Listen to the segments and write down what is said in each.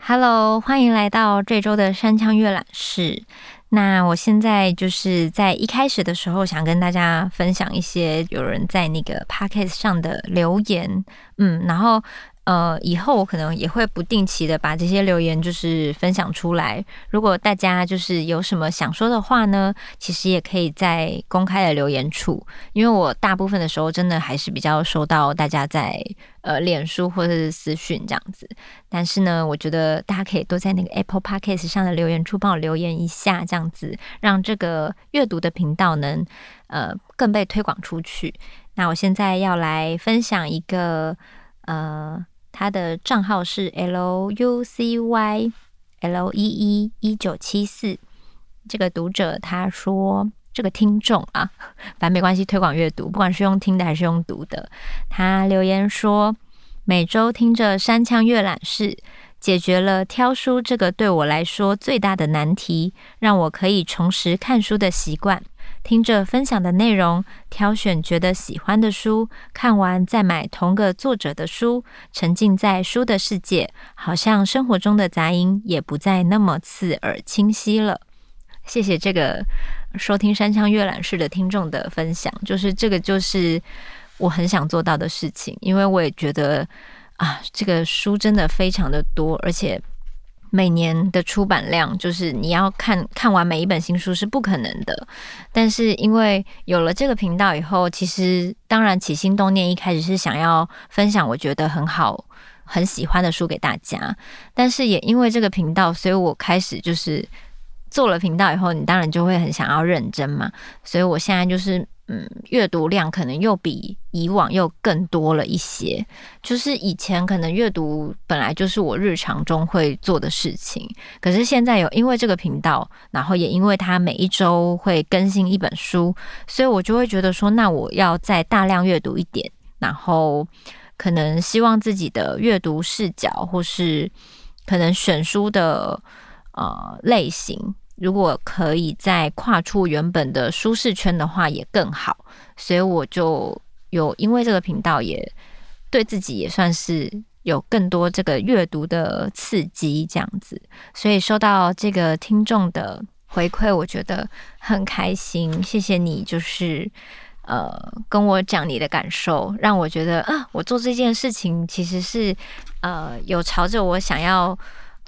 Hello，歡迎來到這週的山羌閱覽室。那我現在就是在一開始的時候，想跟大家分享一些有人在那個 podcast 上的留言。嗯，然後。呃，以後我可能也會不定期的把這些留言就是分享出來。如果大家就是有什麼想說的話呢，其實也可以在公開的留言處，因為我大部分的時候真的還是比較收到大家在呃臉書或者是私訊這樣子。但是呢，我覺得大家可以都在那個 Apple Podcast 上的留言處幫我留言一下，這樣子讓這個閱讀的頻道能呃更被推廣出去。那我現在要來分享一個呃。他的賬號是 L U C Y L, L, L, L E E 一九七四。74，這個讀者他說，這個聽眾啊，反正沒關係，推廣閱讀，不管是用聽的還是用讀的，他留言說，每周聽着山羌閱覽室，解決了挑書這個對我來說最大的難題，讓我可以重拾看書的習慣。聽着分享的內容，挑選覺得喜歡的書，看完再買同個作者的書，沉浸在書的世界，好像生活中的雜音也不再那麼刺耳清晰了。謝謝這個收聽山羌閱覽室的聽眾的分享，就是這個，就是我很想做到的事情，因為我也覺得啊，這個書真的非常的多，而且。每年的出版量，就是你要看看完每一本新書是不可能的。但是因為有了這個頻道以後，其實當然起心動念一開始是想要分享我覺得很好很喜歡的書給大家。但是也因為這個頻道，所以我開始就是做了頻道以後，你當然就會很想要認真嘛。所以我現在就是。嗯，閱讀量可能又比以往又更多了一些。就是以前可能閱讀本來就是我日常中會做的事情，可是現在有因為這個頻道，然後也因為它每一周會更新一本書，所以我就會覺得說，那我要再大量閱讀一點，然後可能希望自己的閱讀視角或是可能選書的，呃，類型。如果可以再跨出原本的舒適圈的話，也更好。所以我就有因為這個頻道也對自己也算是有更多這個閱讀的刺激，這樣子。所以收到這個聽眾的回饋，我覺得很開心。謝謝你，就是呃跟我講你的感受，讓我覺得啊，我做這件事情其實是呃有朝着我想要。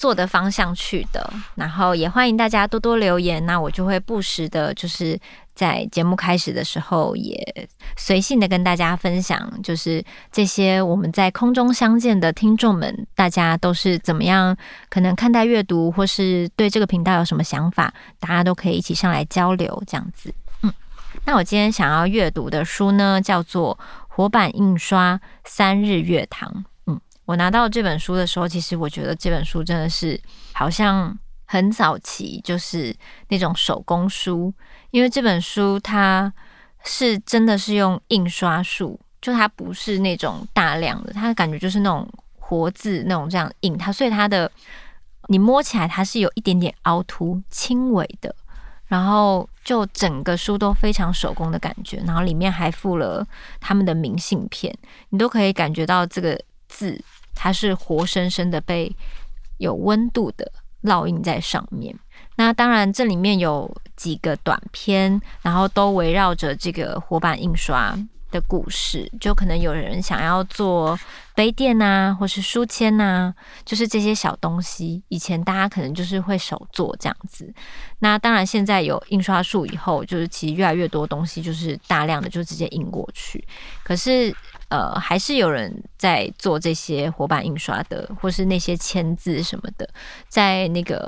做的方向去的，然後也歡迎大家多多留言，那我就會不時的，就是在節目開始的時候也隨性的跟大家分享，就是這些我們在空中相見的聽眾們，大家都是怎麼樣，可能看待閱讀或是對這個頻道有什麼想法，大家都可以一起上來交流這樣子。嗯，那我今天想要閱讀的書呢，叫做《活版印刷三日月堂》。我拿到這本書的時候，其實我覺得這本書真的是好像很早期，就是那種手工書。因為這本書它是真的是用印刷術，就它不是那種大量的，它感覺就是那種活字那種這樣印。它所以它的你摸起來它是有一點點凹凸輕微的，然後就整個書都非常手工的感覺。然後裡面還附了他們的明信片，你都可以感覺到這個字。它是活生生的被有溫度的烙印在上面。那當然，這裡面有幾個短片，然後都圍繞着這個活版印刷的故事。就可能有人想要做杯墊吶、啊，或是書籤吶、啊，就是這些小東西。以前大家可能就是會手做這樣子。那當然，現在有印刷術以後，就是其實越來越多東西就是大量的就直接印過去。可是。呃，還是有人在做這些活版印刷的，或是那些鉛字什麼的，在那個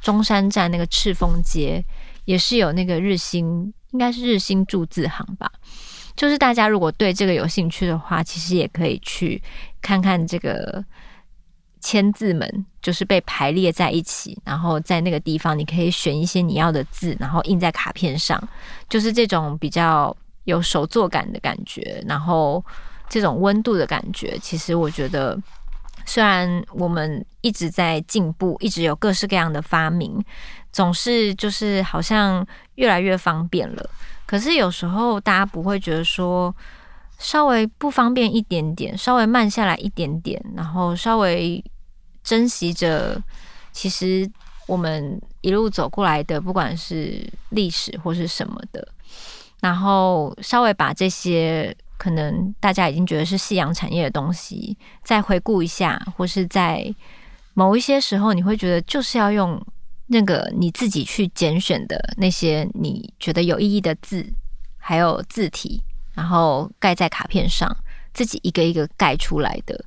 中山站那個赤峰街，也是有那個日星，應該是日星鑄字行吧。就是大家如果對這個有興趣的話，其實也可以去看看這個鉛字們，就是被排列在一起，然後在那個地方你可以選一些你要的字，然後印在卡片上，就是這種比較有手作感的感覺，然後，這種溫度的感覺，其實我覺得，雖然我們一直在進步，一直有各式各樣的發明，總是就是好像越來越方便了。可是有時候大家不會覺得說，稍微不方便一點點，稍微慢下來一點點，然後稍微珍惜着，其實我們一路走過來的，不管是歷史或是什麼的，然後稍微把這些。可能大家已經覺得是夕陽產業的東西，再回顧一下，或是在某一些時候，你會覺得就是要用那個你自己去揀選的那些你覺得有意義的字，還有字體，然後蓋在卡片上，自己一個一個蓋出來的。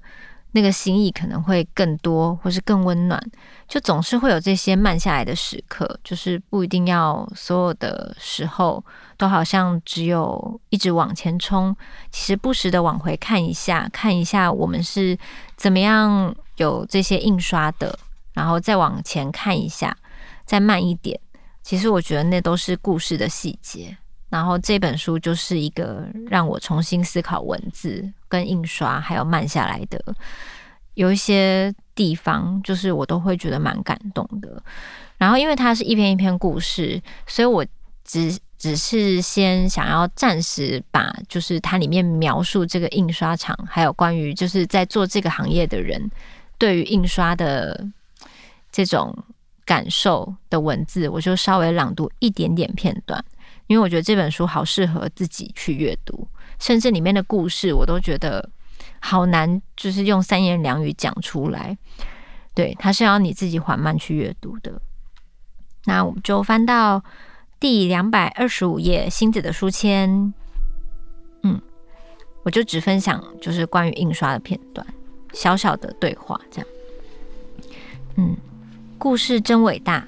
那個心意可能會更多，或是更溫暖，就總是會有這些慢下來的時刻，就是不一定要所有的時候都好像只有一直往前衝。其實不時的往回看一下，看一下我們是怎麼樣有這些印刷的，然後再往前看一下，再慢一點。其實我覺得那都是故事的細節。然後這本書就是一個讓我重新思考文字跟印刷還有慢下來的，有一些地方就是我都會覺得蠻感動的。然後因為它是一篇一篇故事，所以我只只是先想要暫時把就是它裡面描述這個印刷廠，還有關於就是在做這個行業的人對於印刷的這種感受的文字，我就稍微朗讀一點點片段。因為我覺得這本書好適合自己去閱讀，甚至裡面的故事我都覺得好難，就是用三言兩語講出來。對，它是要你自己緩慢去閱讀的。那我們就翻到第兩百二十五頁，《星子的書籤》。嗯，我就只分享就是關於印刷的片段，小小的對話這樣。嗯，故事真偉大。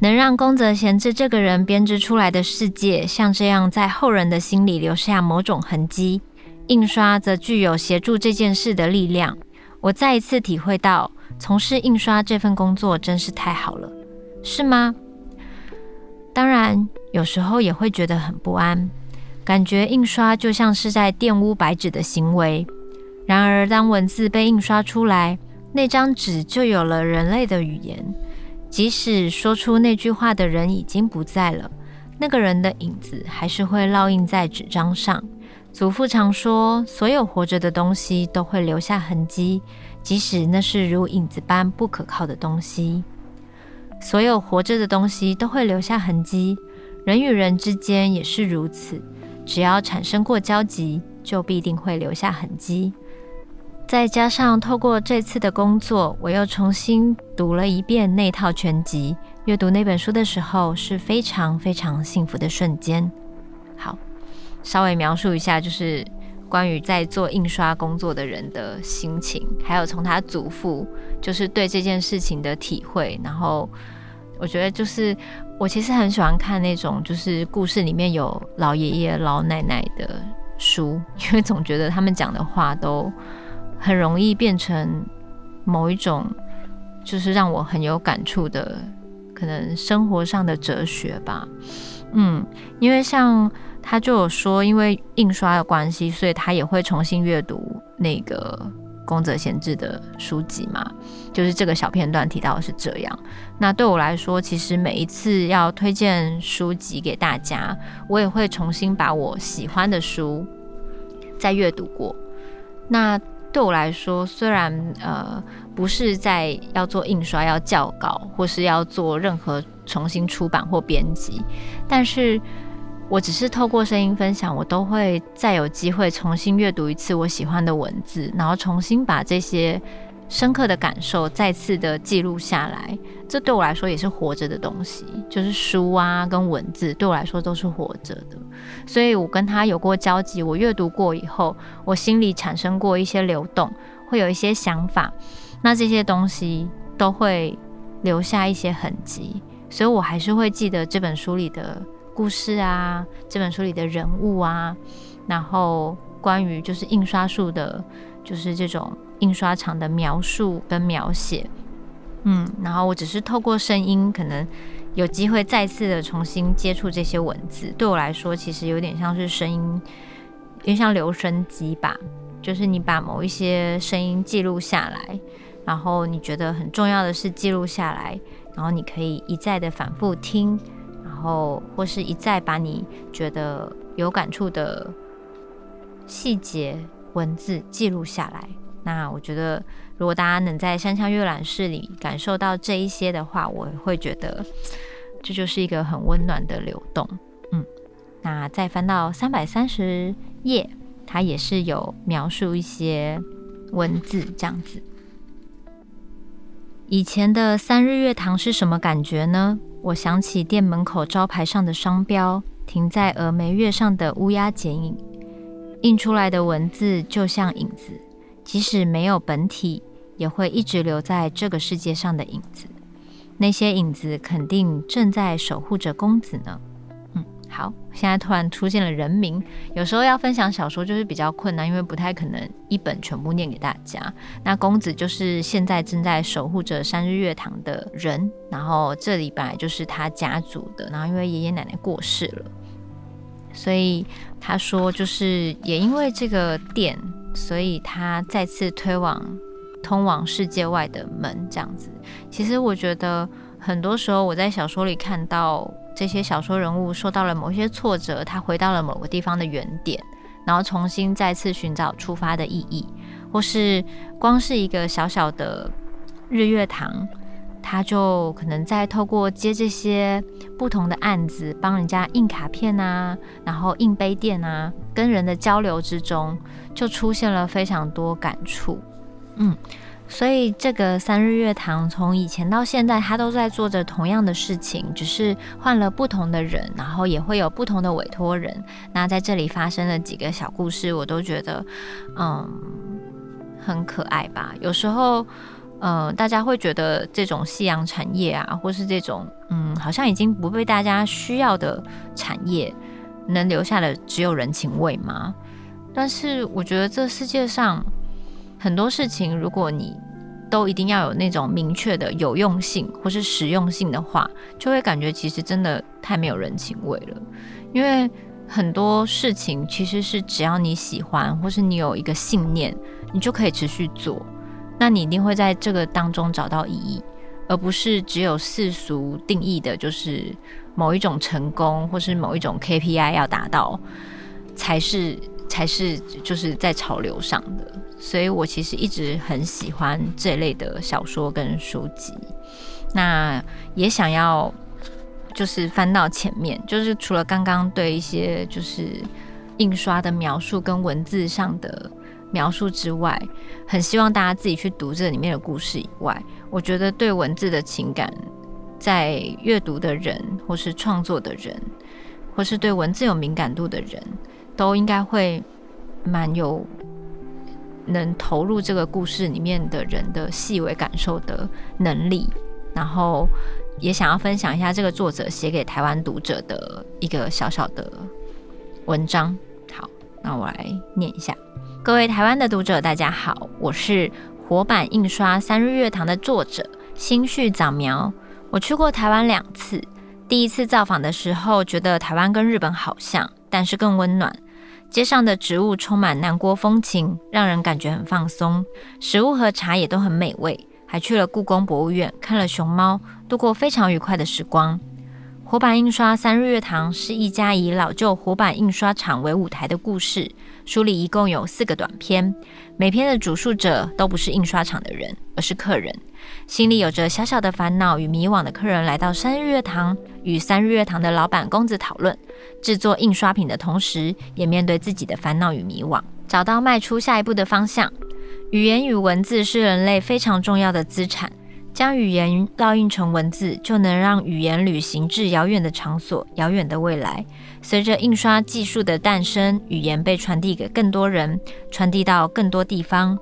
能讓宮澤賢治這個人編織出來的世界像這樣在後人的心裡留下某種痕迹，印刷則具有協助這件事的力量。我再一次體會到從事印刷這份工作真是太好了，是嗎？當然，有時候也會覺得很不安，感覺印刷就像是在玷污白紙的行為。然而，當文字被印刷出來，那張紙就有了人類的語言。即使說出那句話的人已經不在了，那個人的影子還是會烙印在紙張上。祖父常說，所有活着的東西都會留下痕跡，即使那是如影子般不可靠的東西。所有活着的東西都會留下痕跡，人與人之間也是如此，只要產生過交集，就必定會留下痕跡。再加上透過這次的工作，我又重新讀了一遍那套全集。閱讀那本書的時候是非常非常幸福的瞬間。好，稍微描述一下，就是關於在做印刷工作的人的心情，還有從他祖父就是對這件事情的體會。然後我覺得，就是我其實很喜歡看那種就是故事裡面有老爺爺老奶奶的書，因為總覺得他們講的話都。很容易變成某一種，就是讓我很有感觸的，可能生活上的哲學吧。嗯，因為像他就有說，因為印刷的關係，所以他也會重新閱讀那個宮澤賢治的書籍嘛。就是這個小片段提到是這樣。那對我來說，其實每一次要推薦書籍給大家，我也會重新把我喜歡的書再閱讀過。那。對我來說，雖然呃不是在要做印刷、要校稿，或是要做任何重新出版或編輯，但是我只是透過聲音分享，我都會再有機會重新閱讀一次我喜歡的文字，然後重新把這些。深刻的感受再次的記錄下來，這對我來說也是活着的東西。就是書啊，跟文字對我來說都是活着的。所以我跟他有過交集，我閱讀過以後，我心裡產生過一些流動，會有一些想法。那這些東西都會留下一些痕跡，所以我還是會記得這本書裡的故事啊，這本書裡的人物啊，然後關於就是印刷術的，就是這種。印刷廠的描述跟描寫，嗯，然後我只是透過聲音，可能有機會再次的重新接觸這些文字，對我來說，其實有點像是聲音，有像留聲機吧，就是你把某一些聲音記錄下來，然後你覺得很重要的是記錄下來，然後你可以一再的反覆聽，然後或是一再把你覺得有感觸的細節文字記錄下來。那我覺得，如果大家能在山羌閱覽室裡感受到這一些的話，我會覺得這就是一個很溫暖的流動。嗯，那再翻到三百三十頁，它也是有描述一些文字這樣子。以前的三日月堂是什麼感覺呢？我想起店門口招牌上的商標，停在峨眉月上的烏鴉剪影，印出來的文字就像影子。即使沒有本體，也會一直留在這個世界上的影子。那些影子肯定正在守護着公子呢。嗯，好，現在突然出現了人名。有時候要分享小說就是比較困難，因為不太可能一本全部念給大家。那公子就是現在正在守護着三日月堂的人，然後這裡本來就是他家族的，然後因為爺爺奶奶過世了。所以他說，就是也因為這個店，所以他再次推往通往世界外的門。這樣子，其實我覺得很多時候我在小說裡看到這些小說人物受到了某些挫折，他回到了某個地方的原點，然後重新再次尋找出發的意義，或是光是一個小小的日月堂。他就可能在透過接這些不同的案子，幫人家印卡片啊，然後印杯墊啊，跟人的交流之中，就出現了非常多感觸。嗯，所以這個三日月堂從以前到現在，他都在做着同樣的事情，只是換了不同的人，然後也會有不同的委託人。那在這裡發生了幾個小故事，我都覺得，嗯，很可愛吧。有時候。嗯、呃，大家會覺得這種夕陽產業啊，或是這種嗯，好像已經不被大家需要的產業，能留下的只有人情味嗎？但是我覺得這世界上很多事情，如果你都一定要有那種明確的有用性或是實用性的話，就會感覺其實真的太沒有人情味了。因為很多事情其實是只要你喜歡，或是你有一個信念，你就可以持續做。那你一定會在這個當中找到意義，而不是只有世俗定義的，就是某一種成功，或是某一種 KPI 要達到，才是才是就是在潮流上的。所以我其實一直很喜歡這類的小說跟書籍，那也想要就是翻到前面，就是除了剛剛對一些就是印刷的描述跟文字上的。描述之外，很希望大家自己去讀這裡面的故事以外，我覺得對文字的情感，在閱讀的人或是創作的人，或是對文字有敏感度的人，都應該會蠻有能投入這個故事裡面的人的細微感受的能力。然後也想要分享一下這個作者寫給台灣讀者的一個小小的文章。好，那我來唸一下。各位台灣的讀者，大家好，我是活版印刷三日月堂的作者星緒早苗。我去過台灣兩次，第一次造訪的時候，覺得台灣跟日本好像，但是更溫暖。街上的植物充滿南國風情，讓人感覺很放鬆。食物和茶也都很美味，還去了故宮博物院看了熊貓，度過非常愉快的時光。活版印刷三日月堂是一家以老舊活版印刷廠為舞台的故事。書裡一共有四個短篇，每篇的主述者都不是印刷廠的人，而是客人。心裡有着小小的煩惱與迷惘的客人來到三日月堂，與三日月堂的老板公子討論製作印刷品的同時，也面對自己的煩惱與迷惘，找到邁出下一步的方向。語言與文字是人類非常重要的資產。將語言烙印成文字，就能讓語言旅行至遙遠的場所、遙遠的未來。隨着印刷技術的誕生，語言被傳遞給更多人，傳遞到更多地方。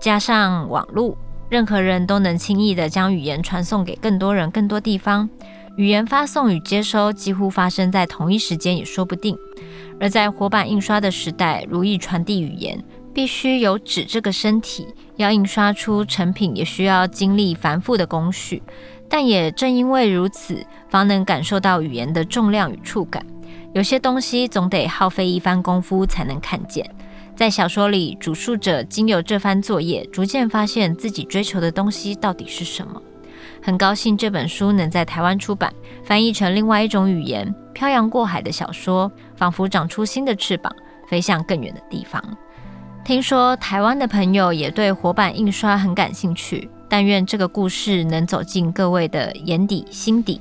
加上網絡，任何人都能輕易地將語言傳送給更多人、更多地方。語言發送與接收幾乎發生在同一時間也說不定。而在活版印刷的時代，容易傳遞語言。必須有紙這個身體，要印刷出成品也需要經歷繁複的工序。但也正因為如此，方能感受到語言的重量與觸感。有些東西總得耗費一番功夫才能看見。在小說裡，主述者經由這番作業，逐漸發現自己追求的東西到底是什麼。很高興這本書能在台灣出版，翻譯成另外一種語言，漂洋過海的小說仿佛長出新的翅膀，飛向更遠的地方。聽說台灣的朋友也對活版印刷很感興趣，但願這個故事能走進各位的眼底、心底，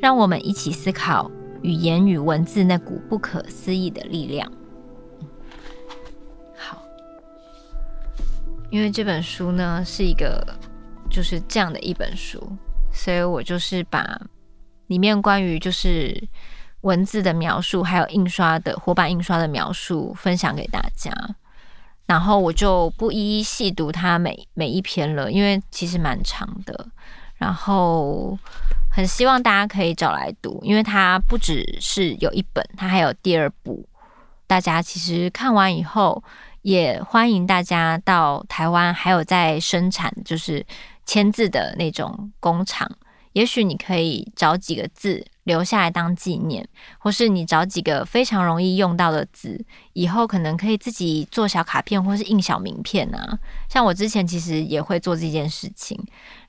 讓我們一起思考語言與文字那股不可思議的力量。好，因為這本書呢，是一個就是這樣的一本書，所以我就是把裡面關於就是文字的描述，還有印刷的，活版印刷的描述，分享給大家。然後我就不一一細讀它每每一篇了，因為其實蠻長的。然後很希望大家可以找來讀，因為它不只是有一本，它還有第二部。大家其實看完以後，也歡迎大家到台灣，還有在生產就是鉛字的那種工廠，也許你可以找幾個字，留下來當紀念，或是你找幾個非常容易用到的字，以後可能可以自己做小卡片，或是印小名片啊。像我之前其實也會做這件事情，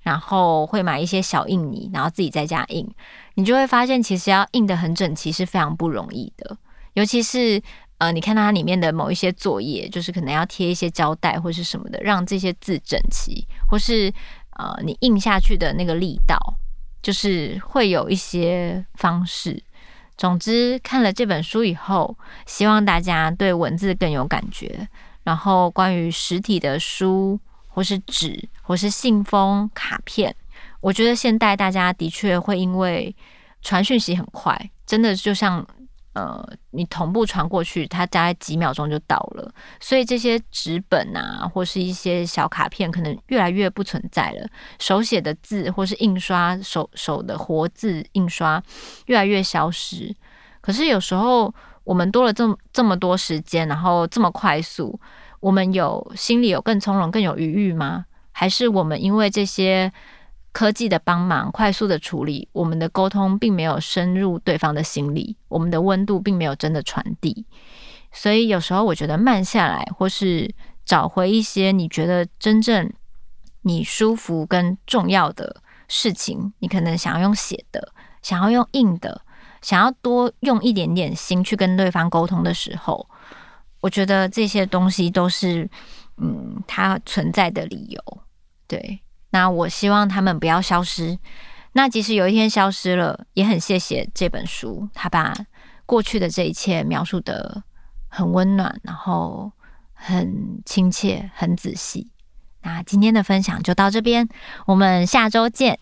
然後會買一些小印泥，然後自己在家印。你就會發現，其實要印得很整齊是非常不容易的，尤其是呃，你看到它裡面的某一些作業，就是可能要貼一些膠帶或是什麼的，讓這些字整齊，或是呃，你印下去的那個力道。就是會有一些方式。總之，看了這本書以後，希望大家對文字更有感覺。然後，關於實體的書，或是紙，或是信封、卡片，我覺得現代大家的確會因為傳訊息很快，真的就像。呃，你同步傳過去，它大概幾秒鐘就到了。所以這些紙本啊，或是一些小卡片，可能越來越不存在了。手寫的字，或是印刷，手手的活字印刷，越來越消失。可是有時候我們多了這麼這麼多時間，然後這麼快速，我們有心裡有更從容、更有餘裕嗎？還是我們因為這些？科技的幫忙，快速的處理，我們的溝通並沒有深入對方的心裡，我們的溫度並沒有真的傳遞。所以有時候我覺得慢下來，或是找回一些你覺得真正你舒服跟重要的事情，你可能想要用寫的，想要用印的，想要多用一點點心去跟對方溝通的時候，我覺得這些東西都是嗯，它存在的理由，對。那我希望他們不要消失。那即使有一天消失了，也很謝謝這本書，它把過去的這一切描述得很溫暖，然後很親切，很仔細。那今天的分享就到這邊，我們下周見。